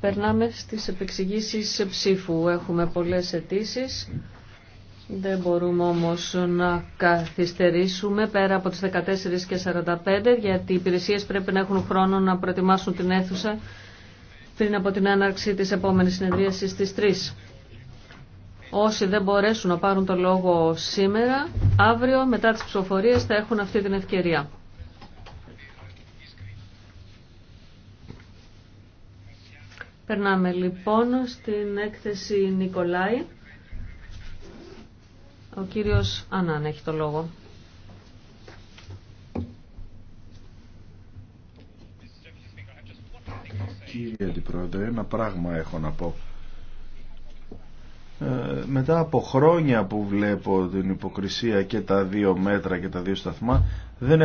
Περνάμε στις επεξηγήσεις ψήφου. Έχουμε πολλές αιτήσει. Δεν μπορούμε όμως να καθυστερήσουμε πέρα από τις 14 και 45 γιατί οι υπηρεσίες πρέπει να έχουν χρόνο να προετοιμάσουν την αίθουσα πριν από την έναρξη της επόμενης συνεδρίασης στις 3. Όσοι δεν μπορέσουν να πάρουν το λόγο σήμερα, αύριο μετά τις ψηφοφορίες θα έχουν αυτή την ευκαιρία. Περνάμε λοιπόν στην έκθεση Νικολάη. Ο κύριος Ανάν έχει το λόγο. Κύριε Αντιπρόεδρε, ένα πράγμα έχω να πω. Ε, μετά από χρόνια που βλέπω την υποκρισία και τα δύο μέτρα και τα δύο σταθμά, δεν